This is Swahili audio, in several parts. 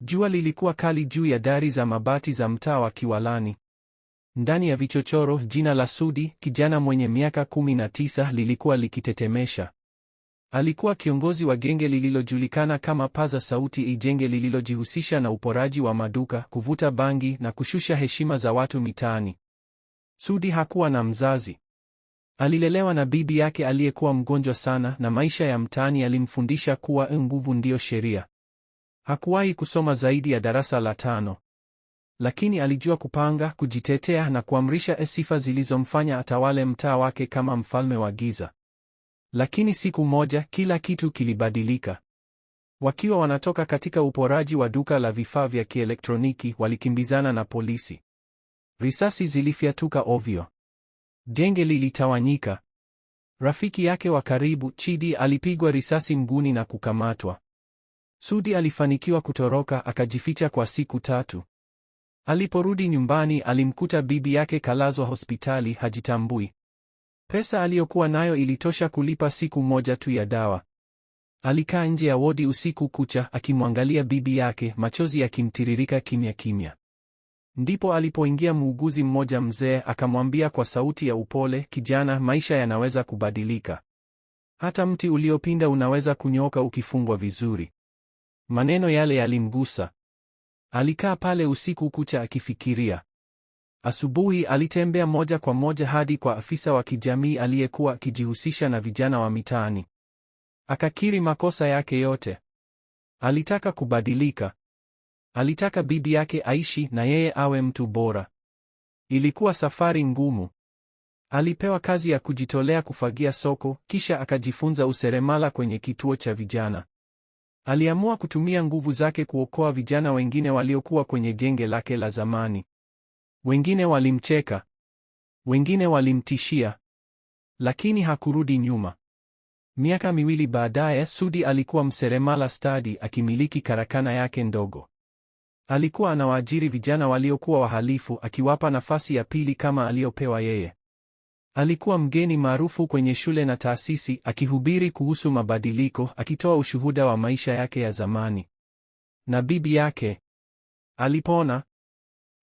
Jua lilikuwa kali juu ya dari za mabati za mtaa wa Kiwalani. Ndani ya vichochoro, jina la Sudi, kijana mwenye miaka 19, lilikuwa likitetemesha. Alikuwa kiongozi wa genge lililojulikana kama Paza Sauti ijenge lililojihusisha na uporaji wa maduka, kuvuta bangi na kushusha heshima za watu mitaani. Sudi hakuwa na mzazi. Alilelewa na bibi yake aliyekuwa mgonjwa sana, na maisha ya mtaani yalimfundisha kuwa nguvu ndiyo sheria. Hakuwahi kusoma zaidi ya darasa la tano, lakini alijua kupanga, kujitetea na kuamrisha sifa zilizomfanya atawale mtaa wake kama mfalme wa giza. Lakini siku moja kila kitu kilibadilika. Wakiwa wanatoka katika uporaji wa duka la vifaa vya kielektroniki, walikimbizana na polisi. Risasi zilifyatuka ovyo, jenge lilitawanyika. Rafiki yake wa karibu Chidi alipigwa risasi mguni na kukamatwa. Sudi alifanikiwa kutoroka akajificha kwa siku tatu. Aliporudi nyumbani alimkuta bibi yake kalazwa hospitali hajitambui. Pesa aliyokuwa nayo ilitosha kulipa siku moja tu ya dawa. Alikaa nje ya wodi usiku kucha akimwangalia bibi yake, machozi yakimtiririka kimya kimya. Ndipo alipoingia muuguzi mmoja mzee, akamwambia kwa sauti ya upole, "Kijana, maisha yanaweza kubadilika. Hata mti uliopinda unaweza kunyoka ukifungwa vizuri." Maneno yale yalimgusa. Alikaa pale usiku kucha akifikiria. Asubuhi alitembea moja kwa moja hadi kwa afisa wa kijamii aliyekuwa akijihusisha na vijana wa mitaani. Akakiri makosa yake yote. Alitaka kubadilika. Alitaka bibi yake aishi na yeye awe mtu bora. Ilikuwa safari ngumu. Alipewa kazi ya kujitolea kufagia soko, kisha akajifunza useremala kwenye kituo cha vijana. Aliamua kutumia nguvu zake kuokoa vijana wengine waliokuwa kwenye genge lake la zamani. Wengine walimcheka, wengine walimtishia, lakini hakurudi nyuma. Miaka miwili baadaye, Sudi alikuwa mseremala stadi akimiliki karakana yake ndogo. Alikuwa anawaajiri vijana waliokuwa wahalifu akiwapa nafasi ya pili kama aliyopewa yeye. Alikuwa mgeni maarufu kwenye shule na taasisi, akihubiri kuhusu mabadiliko, akitoa ushuhuda wa maisha yake ya zamani. Na bibi yake alipona.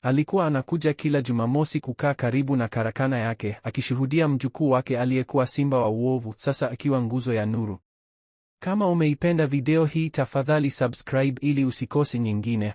Alikuwa anakuja kila Jumamosi kukaa karibu na karakana yake, akishuhudia mjukuu wake aliyekuwa simba wa uovu, sasa akiwa nguzo ya nuru. Kama umeipenda video hii, tafadhali subscribe ili usikose nyingine.